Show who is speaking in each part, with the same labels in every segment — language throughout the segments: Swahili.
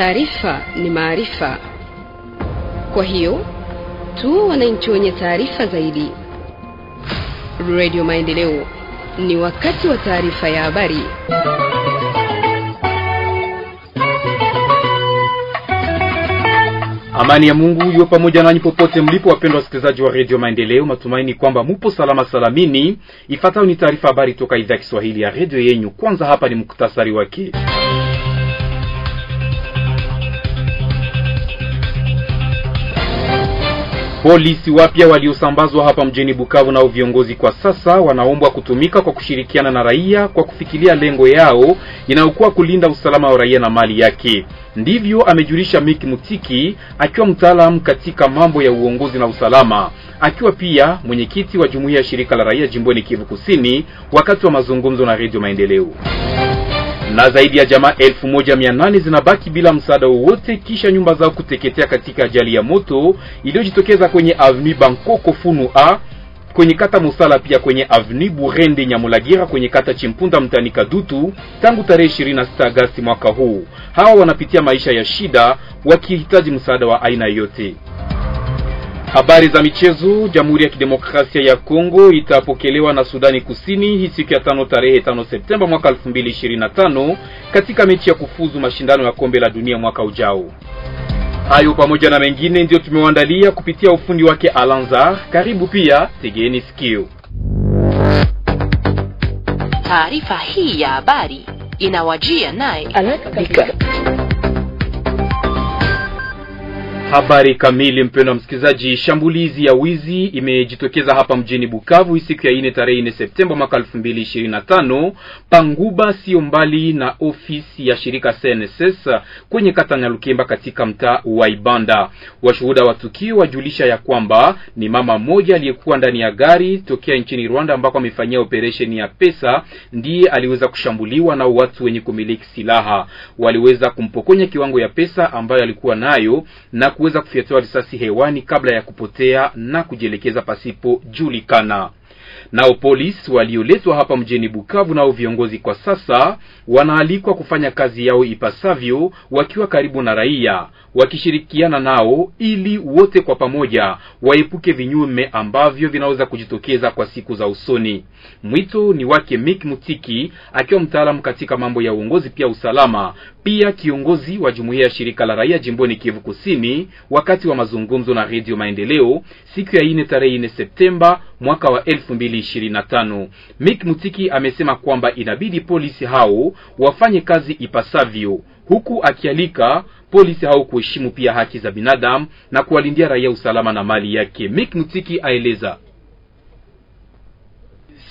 Speaker 1: taarifa ni maarifa. Kwa hiyo tu wananchi wenye taarifa zaidi. Radio Maendeleo, ni wakati wa taarifa ya habari.
Speaker 2: Amani ya Mungu iwe pamoja nanyi popote mlipo, wapendwa wasikilizaji wa redio Maendeleo. Matumaini kwamba mupo salama salamini. Ifuatayo ni taarifa habari toka idhaa ya Kiswahili ya redio yenyu. Kwanza hapa ni muktasari wake. Polisi wapya waliosambazwa hapa mjini Bukavu nao viongozi kwa sasa wanaombwa kutumika kwa kushirikiana na raia kwa kufikiria lengo yao inayokuwa kulinda usalama wa raia na mali yake. Ndivyo amejulisha Miki Mutiki akiwa mtaalamu katika mambo ya uongozi na usalama, akiwa pia mwenyekiti wa jumuiya ya shirika la raia jimboni Kivu Kusini, wakati wa mazungumzo na Redio Maendeleo na zaidi ya jamaa elfu moja mia nane zinabaki bila msaada wowote kisha nyumba zao kuteketea katika ajali ya moto iliyojitokeza kwenye Avenue Bankoko Funu A kwenye kata Musala pia kwenye Avenue Burende Nyamulagira kwenye kata Chimpunda mtani Kadutu tangu tarehe 26 Agasti mwaka huu. Hawa wanapitia maisha ya shida wakihitaji msaada wa aina yote. Habari za michezo. Jamhuri ya Kidemokrasia ya Kongo itapokelewa na Sudani Kusini hii siku ya tano tarehe tano Septemba mwaka 2025 katika mechi ya kufuzu mashindano ya kombe la dunia mwaka ujao. Hayo pamoja na mengine ndiyo tumewaandalia kupitia ufundi wake Alanza. Karibu pia, tegeni sikio.
Speaker 1: Taarifa hii ya habari inawajia naye
Speaker 2: Habari kamili, mpendwa msikilizaji. Shambulizi ya wizi imejitokeza hapa mjini Bukavu siku ya ine tarehe 4 Septemba mwaka 2025 panguba sio mbali na ofisi ya shirika CNSS kwenye kata Nyalukemba katika mtaa wa Ibanda. Washuhuda wa tukio wajulisha ya kwamba ni mama mmoja aliyekuwa ndani ya gari tokea nchini Rwanda ambako amefanyia operesheni ya pesa ndiye aliweza kushambuliwa na watu wenye kumiliki silaha. Waliweza kumpokonya kiwango ya pesa ambayo alikuwa nayo na kuweza kufyatua risasi hewani kabla ya kupotea na kujielekeza pasipo julikana. Nao polisi walioletwa hapa mjini Bukavu, nao viongozi kwa sasa wanaalikwa kufanya kazi yao ipasavyo, wakiwa karibu na raia, wakishirikiana nao ili wote kwa pamoja waepuke vinyume ambavyo vinaweza kujitokeza kwa siku za usoni. Mwito ni wake Mick Mutiki, akiwa mtaalamu katika mambo ya uongozi pia usalama, pia kiongozi wa jumuiya ya shirika la raia jimboni Kivu Kusini, wakati wa mazungumzo na Radio Maendeleo siku ya 4 tarehe 4 Septemba mwaka wa 2025. Mick Mutiki amesema kwamba inabidi polisi hao wafanye kazi ipasavyo, huku akialika polisi hao kuheshimu pia haki za binadamu na kuwalindia raia usalama na mali yake. Mick Mutiki
Speaker 3: aeleza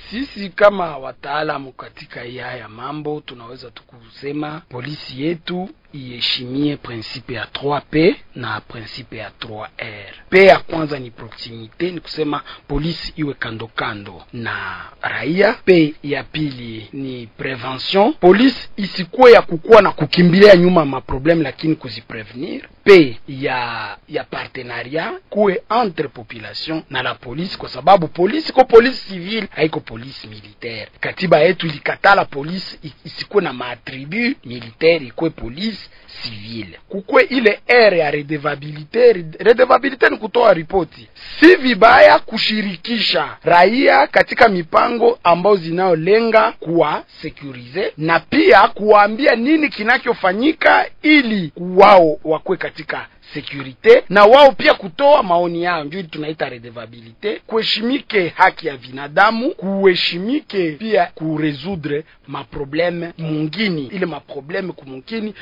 Speaker 3: sisi kama wataalamu katika haya mambo tunaweza tukusema polisi yetu iheshimie prinsipe ya 3P na prinsipe ya 3R. P ya kwanza ni proximite, ni kusema polisi iwe kando kando na raia. P ya pili ni prevention, polisi isikuwe ya kukuwa na kukimbilia nyuma maprobleme, lakini kuziprevenir. P ya ya partenaria kuwe entre population na la polisi, kwa sababu polisi ko polisi civile haiko polisi militaire. Katiba yetu ilikatala polisi isikuwe na maatribu militaire, ikuwe polisi service civile. Kukwe ile ere ya redevabilite. Redevabilite ni kutoa ripoti, si vibaya kushirikisha raia katika mipango ambayo zinayolenga kuwa sekurize na pia kuwaambia nini kinachofanyika ili wao wakwe katika sekurite na wao pia kutoa maoni yao, ndio tunaita redevabilite. Kuheshimike haki ya binadamu, kuheshimike pia kuresudre maprobleme mungini, ile maprobleme kumungini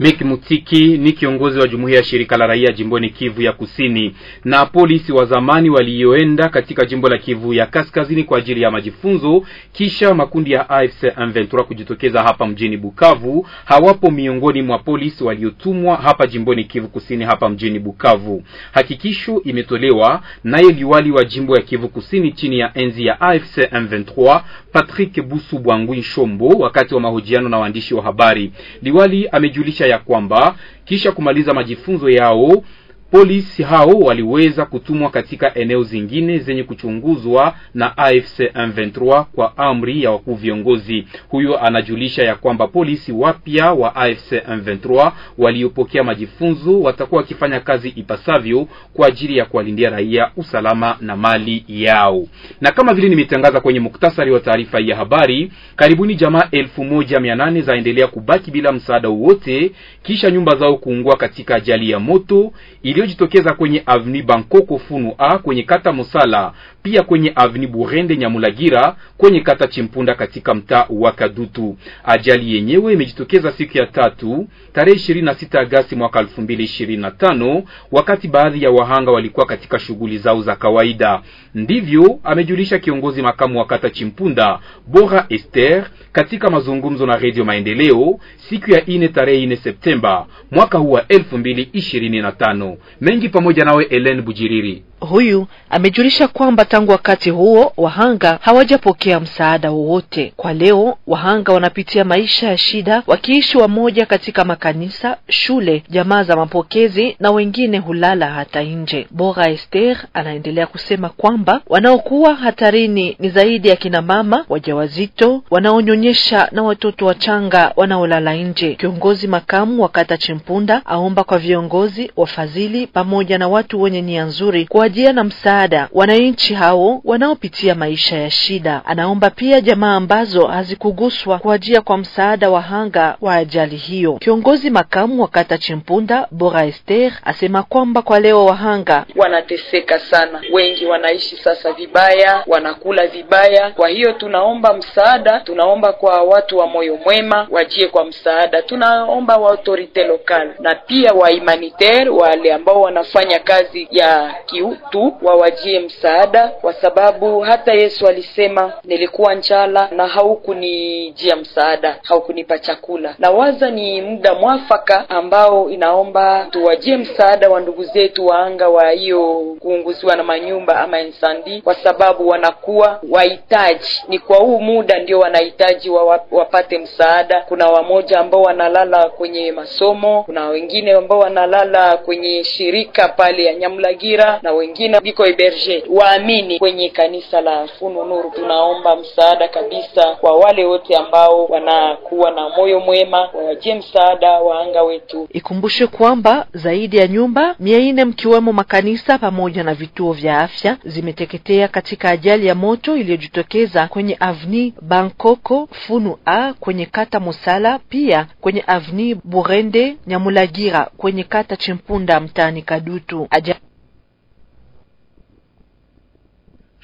Speaker 2: Mick Mutiki ni kiongozi wa jumuiya ya shirika la raia jimboni Kivu ya Kusini. Na polisi wa zamani walioenda katika jimbo la Kivu ya Kaskazini kwa ajili ya majifunzo kisha makundi ya AFC M23 kujitokeza hapa mjini Bukavu hawapo miongoni mwa polisi waliotumwa hapa jimboni Kivu Kusini hapa mjini Bukavu. Hakikisho imetolewa naye liwali wa jimbo ya Kivu Kusini chini ya enzi ya AFC M23 Patrick Busu Bwangwi Shombo wakati wa mahojiano na waandishi wa habari. Liwali amejulisha kujulisha ya kwamba kisha kumaliza majifunzo yao Polisi hao waliweza kutumwa katika eneo zingine zenye kuchunguzwa na AFC M23 kwa amri ya wakuu viongozi. Huyo anajulisha ya kwamba polisi wapya wa AFC M23 waliopokea majifunzo watakuwa wakifanya kazi ipasavyo kwa ajili ya kuwalindia raia usalama na mali yao. Na kama vile nimetangaza kwenye muktasari wa taarifa ya habari, karibuni jamaa elfu moja mia nane zaendelea kubaki bila msaada wowote kisha nyumba zao kuungua katika ajali ya moto ili iliyojitokeza kwenye avni Bankoko Funu a kwenye kata Musala, pia kwenye avni Burende Nyamulagira kwenye kata Chimpunda katika mtaa wa Kadutu. Ajali yenyewe imejitokeza siku ya tatu tarehe 26 Agasti mwaka 2025 wakati baadhi ya wahanga walikuwa katika shughuli zao za kawaida. Ndivyo amejulisha kiongozi makamu wa kata Chimpunda Bora Esther katika mazungumzo na Radio Maendeleo siku ya ine tarehe 4 Septemba mwaka huu wa 2025 mengi pamoja nawe Ellen Bujiriri huyu amejulisha
Speaker 4: kwamba tangu wakati huo wahanga hawajapokea msaada wowote. Kwa leo wahanga wanapitia maisha ya shida, wakiishi wamoja katika makanisa, shule, jamaa za mapokezi na wengine hulala hata nje. Bora Esther anaendelea kusema kwamba wanaokuwa hatarini ni zaidi ya kina mama wajawazito, wanaonyonyesha na watoto wachanga wanaolala nje. Kiongozi makamu wa kata Chimpunda aomba kwa viongozi, wafadhili pamoja na watu wenye nia nzuri kwa teknolojia na msaada wananchi hao wanaopitia maisha ya shida. Anaomba pia jamaa ambazo hazikuguswa kuajia kwa msaada wa hanga wa ajali hiyo. Kiongozi makamu wa kata Chimpunda Bora Ester asema kwamba kwa leo wahanga
Speaker 5: wanateseka sana, wengi wanaishi sasa vibaya, wanakula vibaya. Kwa hiyo tunaomba msaada, tunaomba kwa watu wa moyo mwema wajie kwa msaada, tunaomba wa autorite lokal na pia wa humanitaire wale ambao wanafanya kazi ya kiu tu wawajie msaada, kwa sababu hata Yesu alisema, nilikuwa njala na haukunijia msaada, haukunipa chakula. Na waza ni muda mwafaka ambao inaomba tuwajie msaada wa ndugu zetu waanga wa hiyo kuunguziwa na manyumba ama insandi, kwa sababu wanakuwa wahitaji. Ni kwa huu muda ndio wanahitaji wa wapate msaada. Kuna wamoja ambao wanalala kwenye masomo, kuna wengine ambao wanalala kwenye shirika pale ya Nyamulagira na wengine wengine viko eberge waamini kwenye kanisa la fununuru Tunaomba msaada kabisa kwa wale wote ambao wanakuwa na moyo mwema, wawajie msaada waanga wetu.
Speaker 4: ikumbushe kwamba zaidi ya nyumba mia nne mkiwemo makanisa pamoja na vituo vya afya zimeteketea katika ajali ya moto iliyojitokeza kwenye avni Bankoko Funu A kwenye kata Musala, pia kwenye avni Burende Nyamulagira kwenye kata Chimpunda mtaani Kadutu. Aja-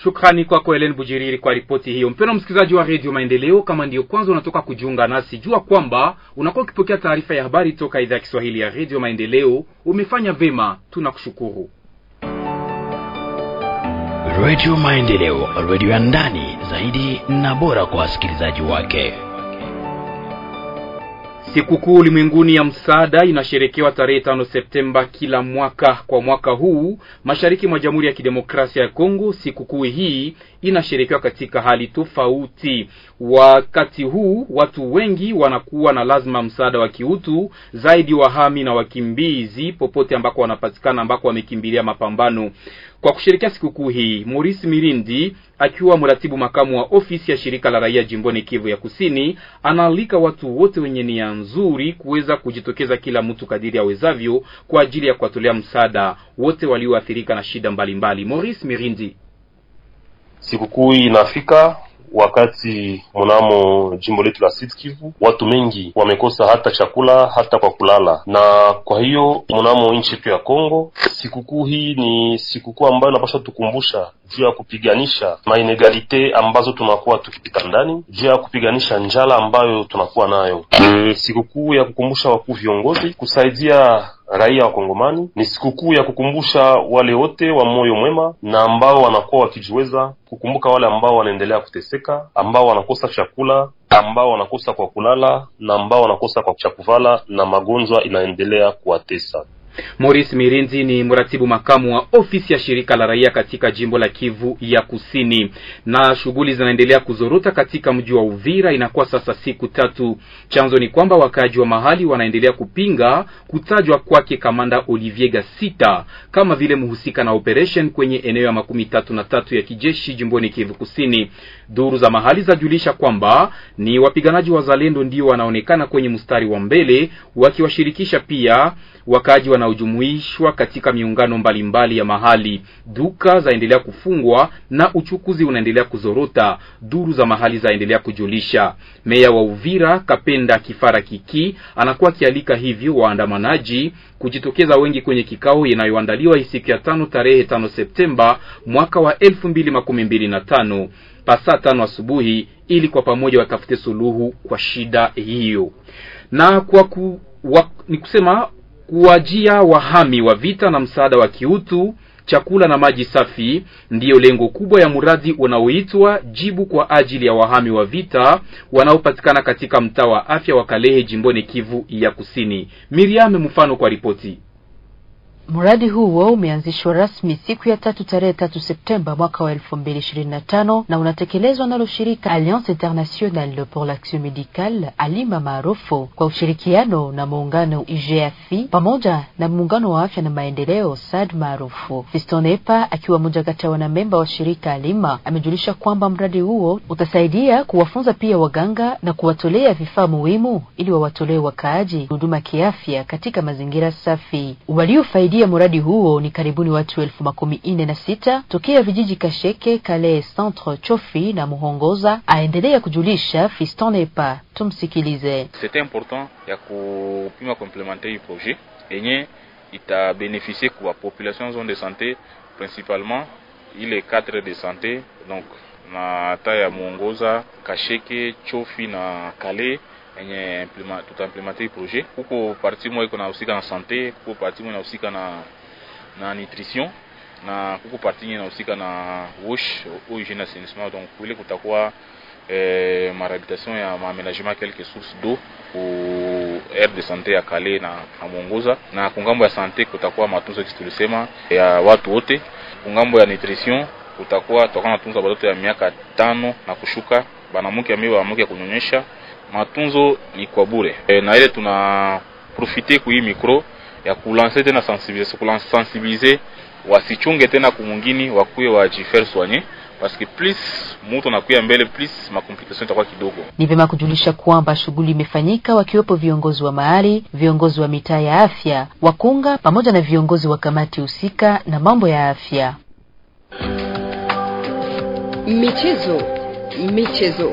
Speaker 2: Shukrani kwako Helen Bujiriri kwa ripoti hiyo. Mpendwa msikilizaji wa redio Maendeleo, kama ndiyo kwanza unatoka kujiunga nasi, jua kwamba unakuwa ukipokea taarifa ya habari toka idhaa ya Kiswahili ya redio Maendeleo. Umefanya vema, tunakushukuru. Redio Maendeleo, redio ya ndani zaidi na bora kwa wasikilizaji wake. Sikukuu ulimwenguni ya msaada inasherekewa tarehe tano Septemba kila mwaka. Kwa mwaka huu mashariki mwa Jamhuri ya Kidemokrasia ya Kongo, sikukuu hii inasherekewa katika hali tofauti. Wakati huu watu wengi wanakuwa na lazima msaada wa kiutu zaidi wahami na wakimbizi popote ambako wanapatikana, ambako wamekimbilia mapambano. Kwa kushirikia sikukuu hii, Maurice Mirindi akiwa mratibu makamu wa ofisi ya shirika la raia jimboni Kivu ya Kusini anaalika watu wote wenye nia nzuri kuweza kujitokeza, kila mtu kadiri awezavyo kwa ajili ya kuwatolea msaada wote walioathirika na shida mbalimbali. Maurice Mirindi
Speaker 6: Sikukuu hii inafika wakati mnamo jimbo letu la Sud Kivu watu mengi wamekosa hata chakula hata kwa kulala, na kwa hiyo mnamo nchi yetu ya Kongo, sikukuu hii ni sikukuu ambayo inapaswa tukumbusha juu ya kupiganisha mainegalite ambazo tunakuwa tukipita ndani, juu ya kupiganisha njala ambayo tunakuwa nayo. Ni sikukuu ya kukumbusha wakuu viongozi kusaidia raia wa Kongomani. Ni sikukuu ya kukumbusha wale wote wa moyo mwema na ambao wanakuwa wakijiweza kukumbuka wale ambao wanaendelea kuteseka, ambao wanakosa chakula, ambao wanakosa kwa kulala, na ambao wanakosa kwa cha kuvala, na magonjwa inaendelea kuwatesa.
Speaker 2: Maurice Mirinzi ni mratibu makamu wa ofisi ya shirika la raia katika jimbo la Kivu ya Kusini. Na shughuli zinaendelea kuzorota katika mji wa Uvira, inakuwa sasa siku tatu. Chanzo ni kwamba wakaaji wa mahali wanaendelea kupinga kutajwa kwake kamanda Olivier Gasita kama vile mhusika na operation kwenye eneo ya makumi tatu na tatu ya kijeshi jimboni Kivu Kusini. Duru za mahali zajulisha kwamba ni wapiganaji wazalendo ndio wanaonekana kwenye mstari wa mbele, wakiwashirikisha pia wakaaji wanaojumuishwa katika miungano mbalimbali mbali ya mahali. Duka zaendelea kufungwa na uchukuzi unaendelea kuzorota, duru za mahali zaendelea kujulisha. Meya wa Uvira Kapenda Kifara Kiki anakuwa akialika hivyo waandamanaji kujitokeza wengi kwenye kikao inayoandaliwa siku ya tano tarehe tano Septemba mwaka wa elfu mbili makumi mbili na tano pa saa tano asubuhi ili kwa pamoja watafute suluhu kwa shida hiyo, na kwa ku, wa, ni kusema kuwajia wahami wa vita na msaada wa kiutu chakula na maji safi ndiyo lengo kubwa ya mradi unaoitwa Jibu kwa ajili ya wahami wa vita wanaopatikana katika mtaa wa afya wa Kalehe, jimboni Kivu ya Kusini. Miriam mfano kwa ripoti
Speaker 1: Mradi huo umeanzishwa rasmi siku ya tatu tarehe tatu Septemba mwaka wa elfu mbili ishirini na tano na unatekelezwa nalo shirika Alliance Internationale pour l'Action Medicale Alima maarufu kwa ushirikiano na muungano IGF pamoja na muungano wa afya na maendeleo SAD maarufu. Fistonepa akiwa mmoja kati ya wanamemba wa shirika Alima amejulisha kwamba mradi huo utasaidia kuwafunza pia waganga na kuwatolea vifaa muhimu ili wawatolee wakaaji huduma kiafya katika mazingira safi waliofaidi kusaidia mradi huo ni karibuni watu elfu makumi nne na sita tokea vijiji Kasheke, Kale Centre, Chofi na Muhongoza. Aendelea kujulisha Fiston Nepa, tumsikilize.
Speaker 6: C'était important ya kupima complementer hii projet yenye itabenefisie kwa population zone de santé principalement ile cadre de santé donc na ta ya Muongoza, Kasheke, Chofi na Kale yenye tutaimplementer hii projet. Kuko parti moja iko nahusika na sante, kuko parti moja inahusika na, na nutrition na kuko parti nyingine inahusika na wash au hygiene assainissement. Donc ile kutakuwa eh, marhabitation ya maaménagement quelque source d'eau ku aire de sante ya Kale na Mwongoza, na kungambo ya sante kutakuwa matunzo kisi ya watu wote. Kungambo ya nutrition kutakuwa tutakuwa natunza watoto ya miaka tano na kushuka, banamuke ambaye banamuke ya kunyonyesha matunzo ni kwa bure e, na ile tuna profite ku hii mikro ya kulanse tena sensibiliser sensibiliser wasichunge tena kumungini wakuye wajifer soigner paske plus mutu anakuya mbele plus makomplikasion itakuwa kidogo.
Speaker 1: Ni vyema kujulisha kwamba shughuli imefanyika wakiwepo viongozi wa mahali, viongozi wa mitaa ya afya, wakunga pamoja na viongozi wa kamati husika na mambo ya afya. Michezo, michezo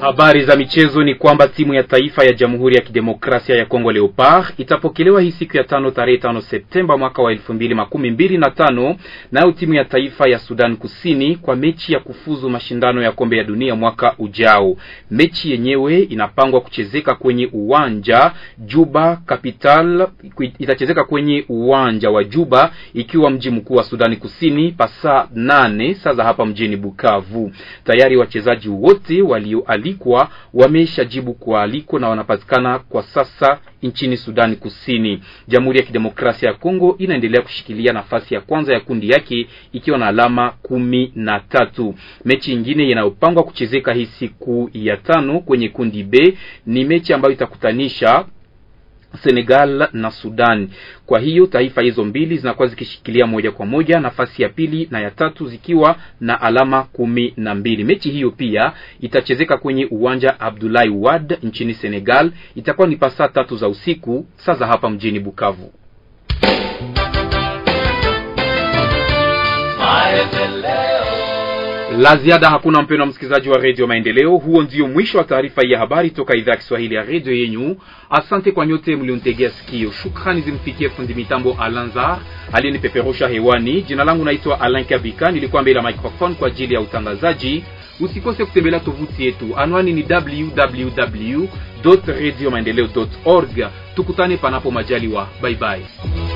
Speaker 2: Habari za michezo ni kwamba timu ya taifa ya Jamhuri ya Kidemokrasia ya Kongo Leopard itapokelewa hii siku ya tano tarehe tano Septemba mwaka wa elfu mbili makumi mbili na tano nayo timu ya taifa ya Sudan Kusini kwa mechi ya kufuzu mashindano ya kombe ya dunia mwaka ujao. Mechi yenyewe inapangwa kuchezeka kwenye uwanja Juba Capital, itachezeka kwenye uwanja wa Juba ikiwa mji mkuu wa Sudani Kusini pasaa nane saa za hapa mjini Bukavu. Tayari wachezaji wote walio waalikwa wameshajibu kwa aliko na wanapatikana kwa sasa nchini Sudani Kusini. Jamhuri ya Kidemokrasia ya Kongo inaendelea kushikilia nafasi ya kwanza ya kundi yake ikiwa na alama kumi na tatu. Mechi ingine inayopangwa kuchezeka hii siku ya tano kwenye kundi B ni mechi ambayo itakutanisha Senegal na Sudan. Kwa hiyo taifa hizo mbili zinakuwa zikishikilia moja kwa moja nafasi ya pili na ya tatu zikiwa na alama kumi na mbili. Mechi hiyo pia itachezeka kwenye uwanja Abdoulaye Wade nchini Senegal, itakuwa ni pasaa tatu za usiku saa za hapa mjini Bukavu. La ziada hakuna, mpendo wa msikilizaji wa redio Maendeleo. Huo ndio mwisho wa taarifa hii ya habari toka idhaa ya Kiswahili ya redio yenyu. Asante kwa nyote mliontegea sikio. Shukrani zimfikie fundi mitambo Alanzar aliyenipeperusha hewani. Jina langu naitwa Alain Kabika, nilikuwa mbele ya microphone kwa ajili ya utangazaji. Usikose kutembelea tovuti yetu, anwani ni www radio maendeleo org. Tukutane panapo majaliwa, baibai.